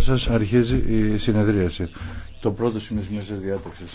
σας αρχίζει η συνεδρίαση. Το πρώτο σημείο της διάταξης.